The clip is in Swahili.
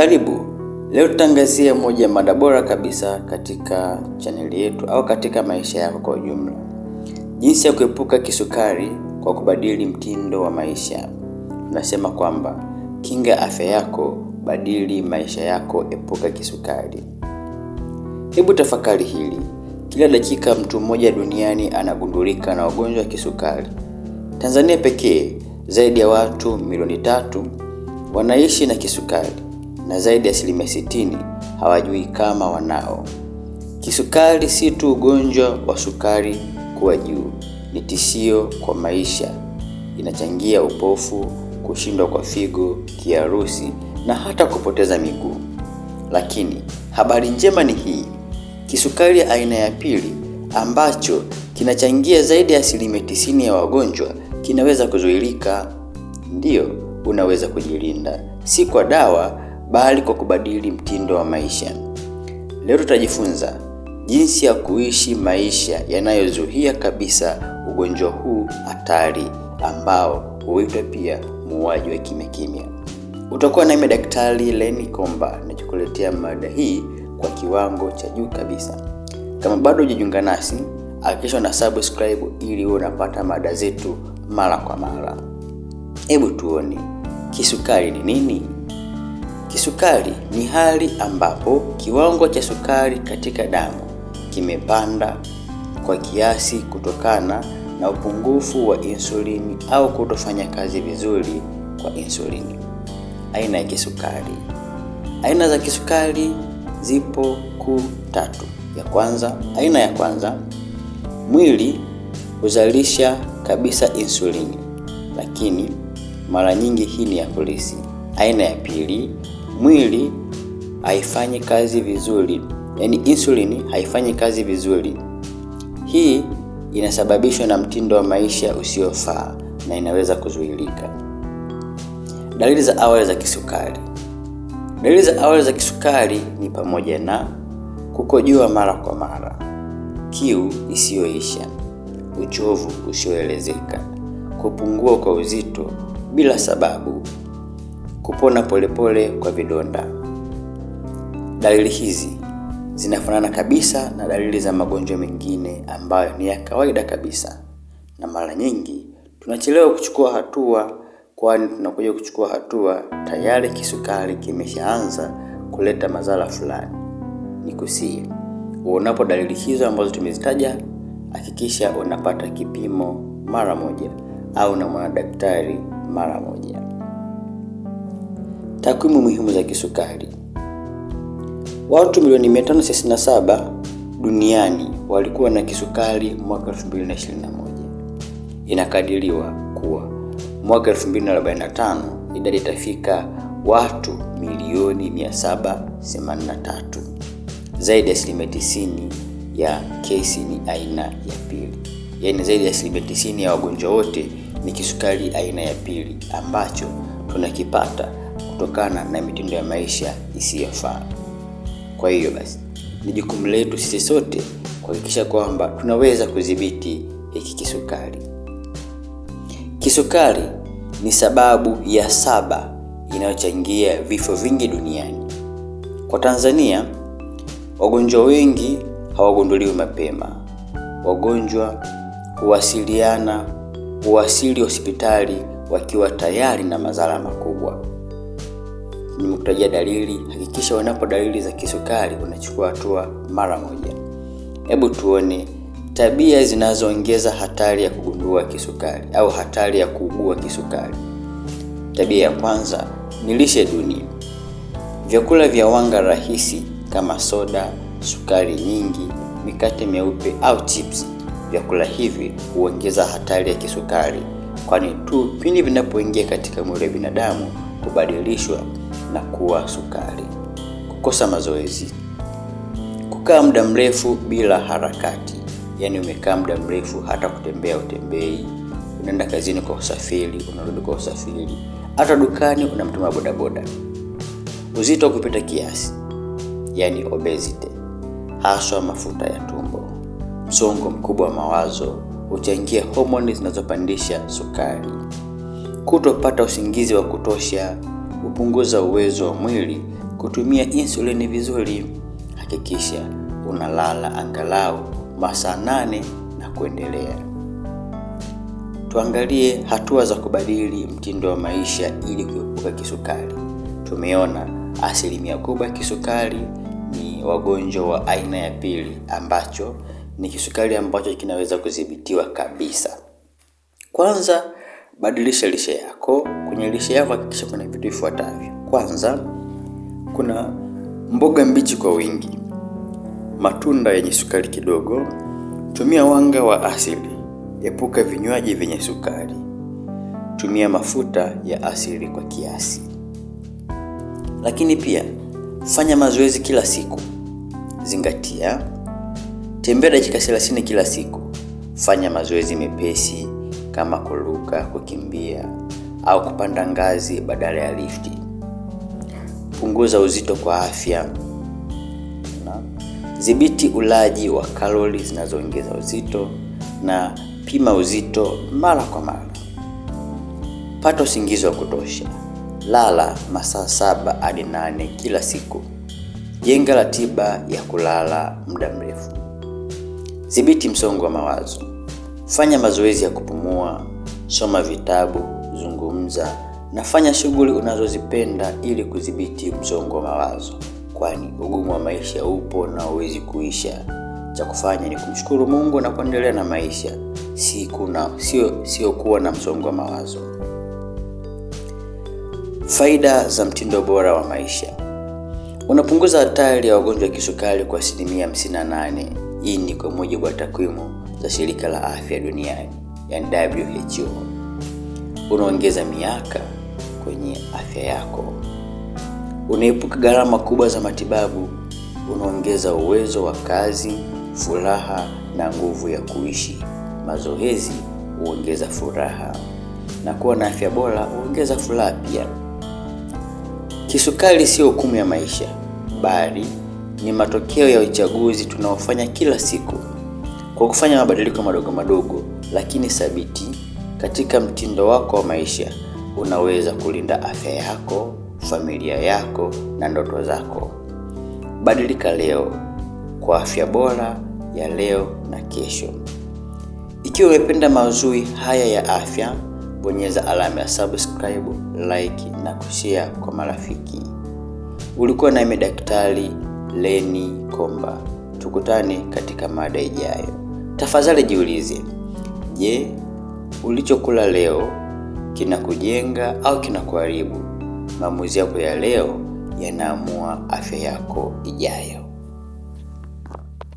Karibu, leo tutaangazia moja ya mada bora kabisa katika chaneli yetu au katika maisha yako kwa ujumla, jinsi ya kuepuka kisukari kwa kubadili mtindo wa maisha. Tunasema kwamba kinga afya yako, badili maisha yako, epuka kisukari. Hebu tafakari hili. Kila dakika mtu mmoja duniani anagundulika na ugonjwa wa kisukari. Tanzania pekee zaidi ya watu milioni tatu wanaishi na kisukari na zaidi ya asilimia sitini hawajui kama wanao. Kisukari si tu ugonjwa wa sukari kuwa juu, ni tishio kwa maisha. Inachangia upofu, kushindwa kwa figo, kiharusi na hata kupoteza miguu. Lakini habari njema ni hii, kisukari aina ya pili ambacho kinachangia zaidi ya asilimia tisini ya wagonjwa kinaweza kuzuilika. Ndiyo, unaweza kujilinda, si kwa dawa bali kwa kubadili mtindo wa maisha. Leo tutajifunza jinsi ya kuishi maisha yanayozuia kabisa ugonjwa huu hatari ambao huitwa pia muuaji wa kimya kimya. Utakuwa nami Daktari Lenny Komba nachokuletea mada hii kwa kiwango cha juu kabisa. Kama bado hujajiunga nasi, hakikisha na subscribe ili uwe unapata mada zetu mara kwa mara. Hebu tuone kisukari ni nini? Kisukari ni hali ambapo kiwango cha sukari katika damu kimepanda kwa kiasi kutokana na upungufu wa insulini au kutofanya kazi vizuri kwa insulini. Aina ya kisukari. Aina za kisukari zipo kuu tatu. Ya kwanza, aina ya kwanza, mwili huzalisha kabisa insulini, lakini mara nyingi hii ni ya polisi. Aina ya pili mwili haifanyi kazi vizuri, yaani insulini haifanyi kazi vizuri. Hii inasababishwa na mtindo wa maisha usiofaa na inaweza kuzuilika. Dalili za awali za kisukari. Dalili za awali za kisukari ni pamoja na kukojoa mara kwa mara, kiu isiyoisha, uchovu usioelezeka, kupungua kwa uzito bila sababu kupona polepole pole kwa vidonda. Dalili hizi zinafanana kabisa na dalili za magonjwa mengine ambayo ni ya kawaida kabisa, na mara nyingi tunachelewa kuchukua hatua, kwani tunakuja kuchukua hatua tayari kisukari kimeshaanza kuleta madhara fulani. Nikusihi, uonapo dalili hizo ambazo tumezitaja, hakikisha unapata kipimo mara moja au na mwana daktari mara moja. Takwimu muhimu za kisukari: watu milioni 567 duniani walikuwa na kisukari mwaka 2021. Inakadiriwa kuwa mwaka 2045 idadi itafika watu milioni 783. Zaidi ya asilimia 90 ya kesi ni aina ya pili, yaani zaidi ya asilimia 90 ya wagonjwa wote ni kisukari aina ya pili ambacho tunakipata kutokana na mitindo ya maisha isiyofaa. Kwa hiyo basi, ni jukumu letu sisi sote kuhakikisha kwamba tunaweza kudhibiti hiki kisukari. Kisukari ni sababu ya saba inayochangia vifo vingi duniani. Kwa Tanzania, wagonjwa wengi hawagunduliwi mapema. Wagonjwa huwasiliana huwasili hospitali wakiwa tayari na madhara makubwa nimekutajia dalili, hakikisha unapo dalili za kisukari unachukua hatua mara moja. Hebu tuone tabia zinazoongeza hatari ya kugundua kisukari au hatari ya kuugua kisukari. Tabia ya kwanza ni lishe duni. Vyakula vya wanga rahisi kama soda, sukari nyingi, mikate meupe au chips. Vyakula hivi huongeza hatari ya kisukari, kwani tu pindi vinapoingia katika mwili wa binadamu kubadilishwa na kuwa sukari, kukosa mazoezi, kukaa muda mrefu bila harakati, yaani umekaa muda mrefu hata kutembea utembei, unaenda kazini kwa usafiri, unarudi kwa usafiri, hata dukani unamtuma bodaboda. Uzito kupita kiasi, yaani obesity, haswa mafuta ya tumbo, msongo mkubwa wa mawazo huchangia homoni zinazopandisha sukari, kutopata usingizi wa kutosha kupunguza uwezo wa mwili kutumia insulini vizuri. Hakikisha unalala angalau masaa nane na kuendelea. Tuangalie hatua za kubadili mtindo wa maisha ili kuepuka kisukari. Tumeona asilimia kubwa ya kisukari ni wagonjwa wa aina ya pili, ambacho ni kisukari ambacho kinaweza kudhibitiwa kabisa. Kwanza Badilisha lishe yako. Kwenye lishe yako hakikisha kuna vitu vifuatavyo Kwanza, kuna mboga mbichi kwa wingi, matunda yenye sukari kidogo, tumia wanga wa asili, epuka vinywaji vyenye sukari, tumia mafuta ya asili kwa kiasi. Lakini pia fanya mazoezi kila siku, zingatia tembea dakika 30 kila siku, fanya mazoezi mepesi kama kuruka, kukimbia au kupanda ngazi badala ya lifti. Punguza uzito kwa afya. Dhibiti ulaji wa kalori zinazoongeza uzito na pima uzito mara kwa mara. Pata usingizi wa kutosha. Lala masaa saba hadi nane kila siku. Jenga ratiba ya kulala muda mrefu. Dhibiti msongo wa mawazo. Fanya mazoezi ya kupumua, soma vitabu, zungumza na fanya shughuli unazozipenda ili kudhibiti msongo wa mawazo, kwani ugumu wa maisha upo na huwezi kuisha. Cha kufanya ni kumshukuru Mungu na kuendelea na maisha, si kuna sio sio kuwa na msongo wa mawazo. Faida za mtindo bora wa maisha: unapunguza hatari ya wagonjwa wa kisukari kwa asilimia 58. Hii ni kwa mujibu wa takwimu za shirika la afya duniani yani WHO, unaongeza miaka kwenye afya yako, unaepuka gharama kubwa za matibabu, unaongeza uwezo wa kazi, furaha na nguvu ya kuishi. Mazoezi huongeza furaha na kuwa na afya bora huongeza furaha pia. Kisukari sio hukumu ya maisha, bali ni matokeo ya uchaguzi tunaofanya kila siku. Kwa kufanya mabadiliko madogo madogo lakini thabiti katika mtindo wako wa maisha, unaweza kulinda afya yako, familia yako na ndoto zako. Badilika leo kwa afya bora ya leo na kesho. Ikiwa umependa mazuri haya ya afya, bonyeza alama ya subscribe, like na kushare kwa marafiki. Ulikuwa nami Daktari Lenny Komba. Tukutane katika mada ijayo. Tafadhali jiulize, je, ulichokula leo kinakujenga au kinakuharibu? Maamuzi yako ya leo yanaamua afya yako ijayo.